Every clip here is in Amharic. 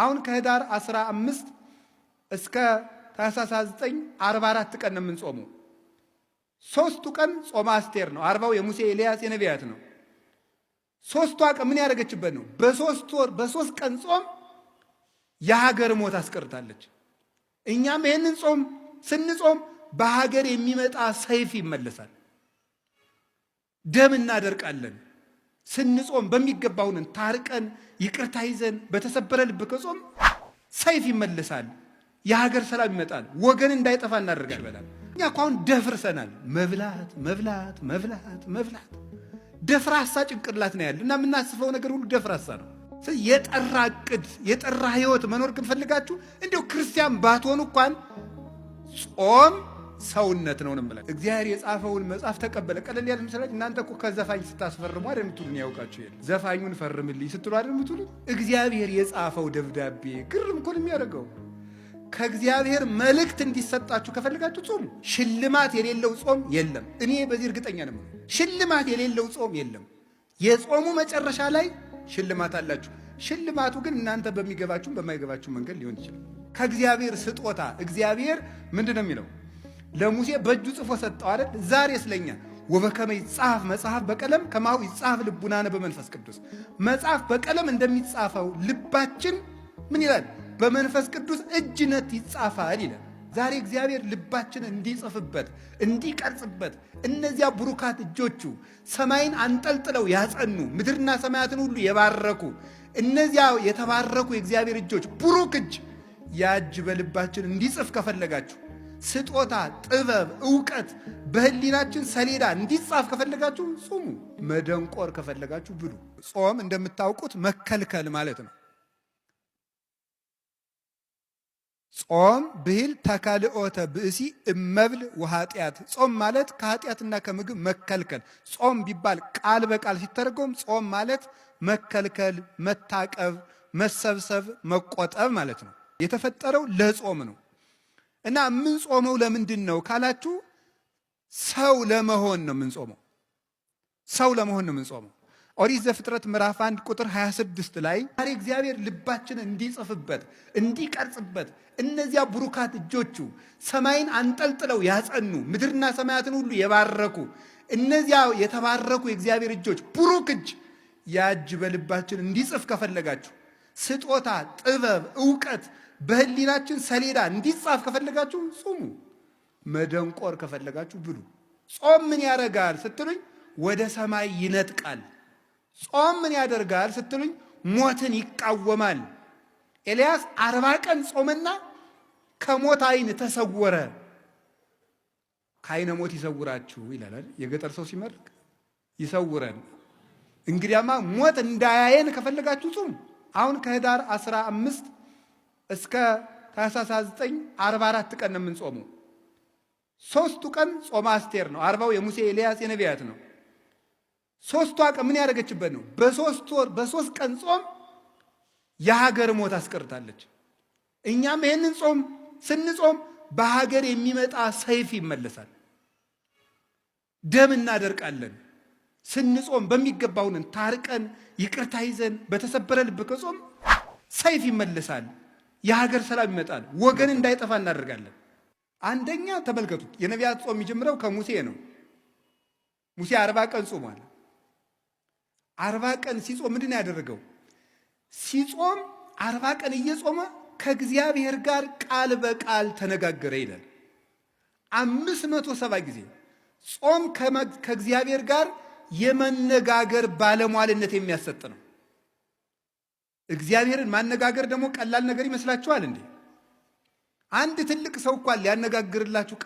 አሁን ከህዳር 15 እስከ ታህሳስ 9 44 ቀን ነው የምንጾመው። ሶስቱ ቀን ጾመ አስቴር ነው። አርባው የሙሴ ኤልያስ፣ የነቢያት ነው። ሶስቱ ቀን ምን ያደረገችበት ነው? በሶስት ወር በሶስት ቀን ጾም የሀገር ሞት አስቀርታለች። እኛም ይህንን ጾም ስንጾም በሀገር የሚመጣ ሰይፍ ይመለሳል፣ ደም እናደርቃለን። ስንጾም በሚገባ ታርቀን ይቅርታ ይዘን በተሰበረ ልብ ከጾም ሰይፍ ይመለሳል። የሀገር ሰላም ይመጣል። ወገን እንዳይጠፋ እናደርጋል። ይበላል እኛ እኮ አሁን ደፍርሰናል። መብላት መብላት መብላት መብላት ደፍራሳ ጭንቅላት ነው ያለ እና የምናስፈው ነገር ሁሉ ደፍራሳ ነው። የጠራ ዕቅድ የጠራ ህይወት መኖር ግን ፈልጋችሁ እንዲሁ ክርስቲያን ባትሆኑ እንኳን ጾም ሰውነት ነው ነው ብለን እግዚአብሔር የጻፈውን መጽሐፍ ተቀበለ። ቀለል ያለ ምስላች እናንተ እኮ ከዘፋኝ ስታስፈርሙ አይደል የምትሉን ያውቃችሁ የለ ዘፋኙን ፈርምልኝ ስትሉ አይደል የምትሉን። እግዚአብሔር የጻፈው ደብዳቤ ግርም እኮ ነው የሚያደርገው። ከእግዚአብሔር መልእክት እንዲሰጣችሁ ከፈልጋችሁ ጾሙ። ሽልማት የሌለው ጾም የለም። እኔ በዚህ እርግጠኛ ነው። ሽልማት የሌለው ጾም የለም። የጾሙ መጨረሻ ላይ ሽልማት አላችሁ። ሽልማቱ ግን እናንተ በሚገባችሁም በማይገባችሁ መንገድ ሊሆን ይችላል። ከእግዚአብሔር ስጦታ እግዚአብሔር ምንድን ነው የሚለው ለሙሴ በእጁ ጽፎ ሰጠው አይደል? ዛሬ ስለኛ ወበከመ ይጻፍ መጽሐፍ በቀለም ከማሁ ይጻፍ ልቡናነ በመንፈስ ቅዱስ። መጽሐፍ በቀለም እንደሚጻፈው ልባችን ምን ይላል? በመንፈስ ቅዱስ እጅነት ይጻፋል ይላል። ዛሬ እግዚአብሔር ልባችን እንዲጽፍበት እንዲቀርጽበት እነዚያ ብሩካት እጆቹ ሰማይን አንጠልጥለው ያጸኑ ምድርና ሰማያትን ሁሉ የባረኩ እነዚያ የተባረኩ የእግዚአብሔር እጆች ብሩክ እጅ ያ እጅ በልባችን እንዲጽፍ ከፈለጋችሁ ስጦታ፣ ጥበብ፣ እውቀት በህሊናችን ሰሌዳ እንዲጻፍ ከፈለጋችሁ ጹሙ። መደንቆር ከፈለጋችሁ ብሉ። ጾም እንደምታውቁት መከልከል ማለት ነው። ጾም ብሂል ተካልኦተ ብእሲ እመብል ወኃጢአት። ጾም ማለት ከኃጢአትና ከምግብ መከልከል። ጾም ቢባል ቃል በቃል ሲተረጎም ጾም ማለት መከልከል፣ መታቀብ፣ መሰብሰብ፣ መቆጠብ ማለት ነው። የተፈጠረው ለጾም ነው። እና የምንጾመው ለምንድን ነው ካላችሁ ሰው ለመሆን ነው የምንጾመው። ሰው ለመሆን ነው የምንጾመው። ኦሪት ዘፍጥረት ምዕራፍ 1 ቁጥር 26 ላይ ዛሬ እግዚአብሔር ልባችን እንዲጽፍበት እንዲቀርጽበት እነዚያ ብሩካት እጆቹ ሰማይን አንጠልጥለው ያጸኑ ምድርና ሰማያትን ሁሉ የባረኩ እነዚያ የተባረኩ የእግዚአብሔር እጆች ብሩክ እጅ ያ እጅ በልባችን እንዲጽፍ ከፈለጋችሁ ስጦታ፣ ጥበብ፣ እውቀት በህሊናችን ሰሌዳ እንዲጻፍ ከፈለጋችሁ ጹሙ። መደንቆር ከፈለጋችሁ ብሉ። ጾም ምን ያደርጋል ስትሉኝ ወደ ሰማይ ይነጥቃል። ጾም ምን ያደርጋል ስትሉኝ ሞትን ይቃወማል። ኤልያስ አርባ ቀን ጾመና ከሞት አይን ተሰወረ። ከአይነ ሞት ይሰውራችሁ ይላል የገጠር ሰው ሲመርቅ። ይሰውረን እንግዲያማ ሞት እንዳያየን ከፈለጋችሁ ጹም። አሁን ከህዳር 15 እስከ ታህሳስ 9 44 ቀን ነው የምንጾመው። ሶስቱ ቀን ጾመ አስቴር ነው። አርባው የሙሴ ኤልያስ፣ የነቢያት ነው። ሶስቱ ቀን ምን ያደረገችበት ነው? በሶስት ወር በሶስት ቀን ጾም የሀገር ሞት አስቀርታለች። እኛም ይህንን ጾም ስንጾም በሀገር የሚመጣ ሰይፍ ይመለሳል፣ ደም እናደርቃለን። ስንጾም በሚገባውንን ታርቀን ይቅርታ ይዘን በተሰበረ ልብ ከጾም ሰይፍ ይመለሳል። የሀገር ሰላም ይመጣል። ወገን እንዳይጠፋ እናደርጋለን። አንደኛ ተመልከቱት፣ የነቢያት ጾም የሚጀምረው ከሙሴ ነው። ሙሴ አርባ ቀን ጾሟል። አርባ ቀን ሲጾም ምንድን ያደረገው? ሲጾም አርባ ቀን እየጾመ ከእግዚአብሔር ጋር ቃል በቃል ተነጋገረ ይላል። አምስት መቶ ሰባ ጊዜ ጾም ከእግዚአብሔር ጋር የመነጋገር ባለሟልነት የሚያሰጥ ነው። እግዚአብሔርን ማነጋገር ደግሞ ቀላል ነገር ይመስላችኋል እንዴ? አንድ ትልቅ ሰው እንኳን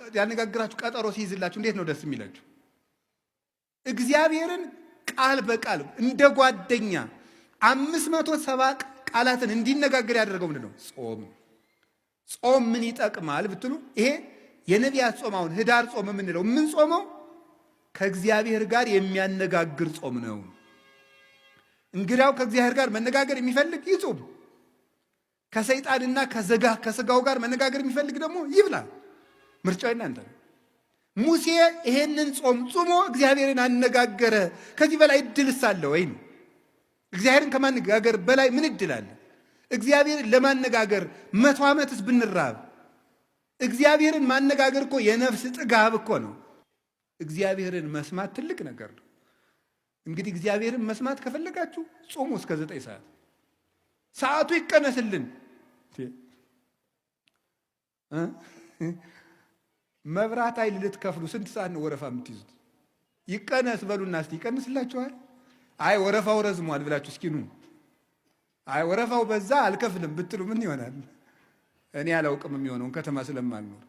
ሊያነጋግራችሁ ቀጠሮ ሲይዝላችሁ እንዴት ነው ደስ የሚላችሁ? እግዚአብሔርን ቃል በቃል እንደ ጓደኛ አምስት መቶ ሰባ ቃላትን እንዲነጋገር ያደረገው ምንድን ነው? ጾም። ጾም ምን ይጠቅማል ብትሉ ይሄ የነቢያት ጾም አሁን ህዳር ጾም የምንለው የምንጾመው ከእግዚአብሔር ጋር የሚያነጋግር ጾም ነው። እንግዲያው ከእግዚአብሔር ጋር መነጋገር የሚፈልግ ይጹም። ከሰይጣንና ከዘጋ ከስጋው ጋር መነጋገር የሚፈልግ ደግሞ ይብላ። ምርጫው እናንተ ነው። ሙሴ ይሄንን ጾም ጾሞ እግዚአብሔርን አነጋገረ። ከዚህ በላይ እድልስ አለ ወይም እግዚአብሔርን ከማነጋገር በላይ ምን እድል አለ? እግዚአብሔርን ለማነጋገር መቶ ዓመትስ ብንራብ፣ እግዚአብሔርን ማነጋገር እኮ የነፍስ ጥጋብ እኮ ነው። እግዚአብሔርን መስማት ትልቅ ነገር ነው። እንግዲህ እግዚአብሔርን መስማት ከፈለጋችሁ ጾሙ እስከ ዘጠኝ ሰዓት ሰዓቱ ይቀነስልን። መብራት ኃይል ልትከፍሉ ስንት ሰዓት ነው ወረፋ የምትይዙት? ይቀነስ በሉና እስቲ ይቀንስላችኋል። አይ ወረፋው ረዝሟል ብላችሁ እስኪኑ አይ ወረፋው በዛ አልከፍልም ብትሉ ምን ይሆናል? እኔ አላውቅም የሚሆነውን ከተማ ስለማልኖር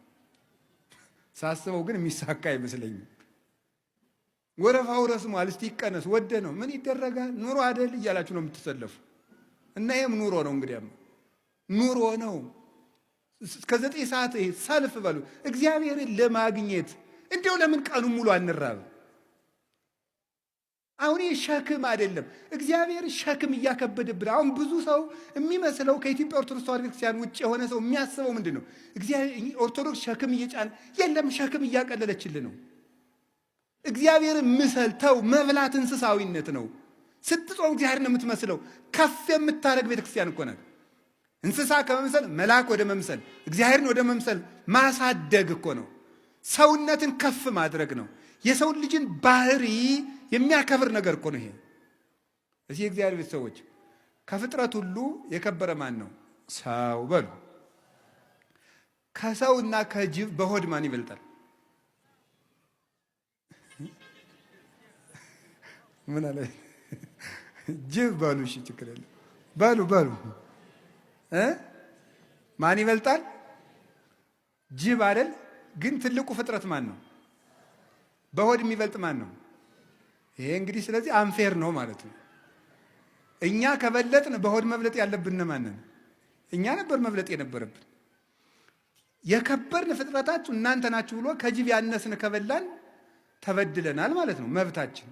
ሳስበው ግን የሚሳካ አይመስለኝም። ወረፋው ረስሟል፣ እስቲ ይቀነስ፣ ወደ ነው ምን ይደረጋል፣ ኑሮ አደል እያላችሁ ነው የምትሰለፉ። እና ይህም ኑሮ ነው እንግዲህ ኑሮ ነው። እስከ ዘጠኝ ሰዓት ይሄ ሰልፍ በሉ እግዚአብሔርን ለማግኘት እንዲያው ለምን ቀኑ ሙሉ አንራብ? አሁን ይህ ሸክም አይደለም፣ እግዚአብሔር ሸክም እያከበደብን። አሁን ብዙ ሰው የሚመስለው ከኢትዮጵያ ኦርቶዶክስ ተዋሕዶ ቤተክርስቲያን ውጭ የሆነ ሰው የሚያስበው ምንድን ነው? ኦርቶዶክስ ሸክም እየጫን የለም፣ ሸክም እያቀለለችልን ነው እግዚአብሔርን ምሰል። ተው መብላት እንስሳዊነት ነው። ስትጾም እግዚአብሔር ነው የምትመስለው። ከፍ የምታደርግ ቤተክርስቲያን እኮ ናት። እንስሳ ከመምሰል መልአክ ወደ መምሰል እግዚአብሔርን ወደ መምሰል ማሳደግ እኮ ነው። ሰውነትን ከፍ ማድረግ ነው። የሰው ልጅን ባህሪ የሚያከብር ነገር እኮ ነው ይሄ። እዚህ የእግዚአብሔር ቤት ሰዎች ከፍጥረት ሁሉ የከበረ ማን ነው? ሰው በሉ። ከሰውና ከጅብ በሆድ ማን ይበልጣል? ምን አለ? ጅብ በሉ። እሺ ችግር የለም በሉ በሉ። ማን ይበልጣል? ጅብ አይደል? ግን ትልቁ ፍጥረት ማን ነው? በሆድ የሚበልጥ ማን ነው? ይሄ እንግዲህ ስለዚህ አንፌር ነው ማለት ነው። እኛ ከበለጥን በሆድ መብለጥ ያለብን ማንን? እኛ ነበር መብለጥ የነበረብን። የከበርን ፍጥረታችሁ እናንተ ናችሁ ብሎ ከጅብ ያነስን ከበላን ተበድለናል ማለት ነው። መብታችን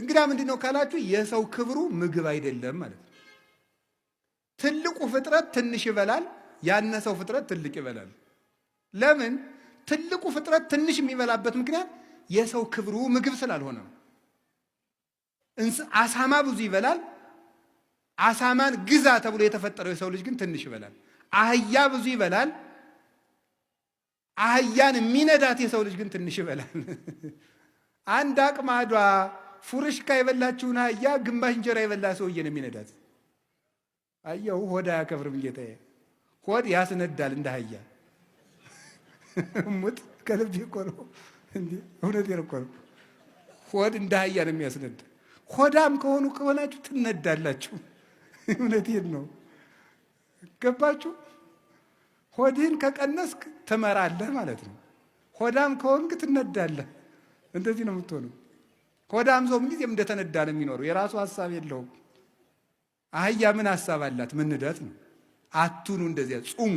እንግዳ ምንድን ነው ካላችሁ የሰው ክብሩ ምግብ አይደለም ማለት ነው። ትልቁ ፍጥረት ትንሽ ይበላል፣ ያነሰው ፍጥረት ትልቅ ይበላል። ለምን? ትልቁ ፍጥረት ትንሽ የሚበላበት ምክንያት የሰው ክብሩ ምግብ ስላልሆነ ነው። አሳማ ብዙ ይበላል። አሳማን ግዛ ተብሎ የተፈጠረው የሰው ልጅ ግን ትንሽ ይበላል። አህያ ብዙ ይበላል። አህያን የሚነዳት የሰው ልጅ ግን ትንሽ ይበላል። አንድ አቅማዷ ፉርሽካ የበላችውን አህያ ግማሽ እንጀራ የበላ ሰውዬ ነው የሚነዳት። አየው ሆድ አያከብርም ጌታዬ። ሆድ ያስነዳል እንደ አህያ ሙት ከልብ እኮ ነው እውነት እኮ ነው። ሆድ እንደ አህያ ነው የሚያስነዳ። ሆዳም ከሆኑ ከሆናችሁ ትነዳላችሁ። እውነቴን ነው። ገባችሁ? ሆድህን ከቀነስክ ትመራለህ ማለት ነው። ሆዳም ከሆንክ ትነዳለህ። እንደዚህ ነው የምትሆነው። ሆዳም ሰው ጊዜም እንደተነዳ ነው የሚኖረው። የራሱ ሀሳብ የለውም። አህያ ምን ሀሳብ አላት? ምንደት ነው። አትኑ እንደዚያ ጹሙ።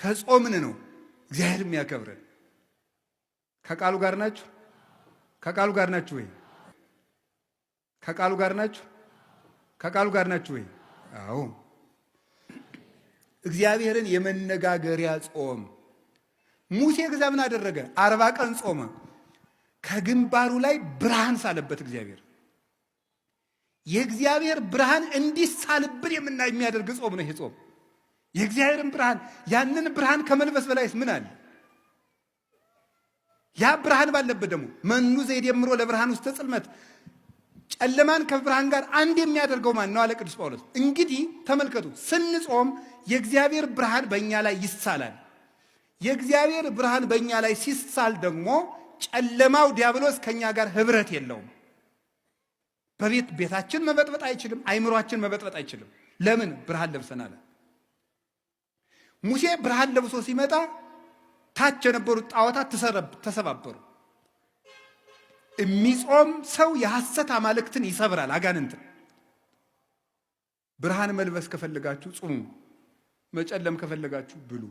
ከጾምን ነው እግዚአብሔር የሚያከብረን። ከቃሉ ጋር ናችሁ? ከቃሉ ጋር ናችሁ ወይ? ከቃሉ ጋር ናችሁ? ከቃሉ ጋር ናችሁ ወይ? አዎ እግዚአብሔርን የመነጋገሪያ ጾም። ሙሴ ከዛ ምን አደረገ? አርባ ቀን ጾመ። ከግንባሩ ላይ ብርሃን ሳለበት እግዚአብሔር። የእግዚአብሔር ብርሃን እንዲሳልብን የምና የሚያደርግ ጾም ነው ይሄ ጾም። የእግዚአብሔርን ብርሃን ያንን ብርሃን ከመልበስ በላይስ ምን አለ? ያ ብርሃን ባለበት ደግሞ መኑ ዘይደምሮ ለብርሃን ውስጥ ተጽልመት ጨለማን ከብርሃን ጋር አንድ የሚያደርገው ማን ነው? አለ ቅዱስ ጳውሎስ። እንግዲህ ተመልከቱ፣ ስንጾም የእግዚአብሔር ብርሃን በእኛ ላይ ይሳላል። የእግዚአብሔር ብርሃን በእኛ ላይ ሲሳል ደግሞ ጨለማው ዲያብሎስ ከእኛ ጋር ህብረት የለውም። በቤት ቤታችን መበጥበጥ አይችልም። አይምሯችን መበጥበጥ አይችልም። ለምን? ብርሃን ለብሰናል። ሙሴ ብርሃን ለብሶ ሲመጣ ታች የነበሩት ጣዖታት ተሰባበሩ። የሚጾም ሰው የሐሰት አማልክትን ይሰብራል፣ አጋንንትን። ብርሃን መልበስ ከፈለጋችሁ ጹሙ፣ መጨለም ከፈለጋችሁ ብሉ።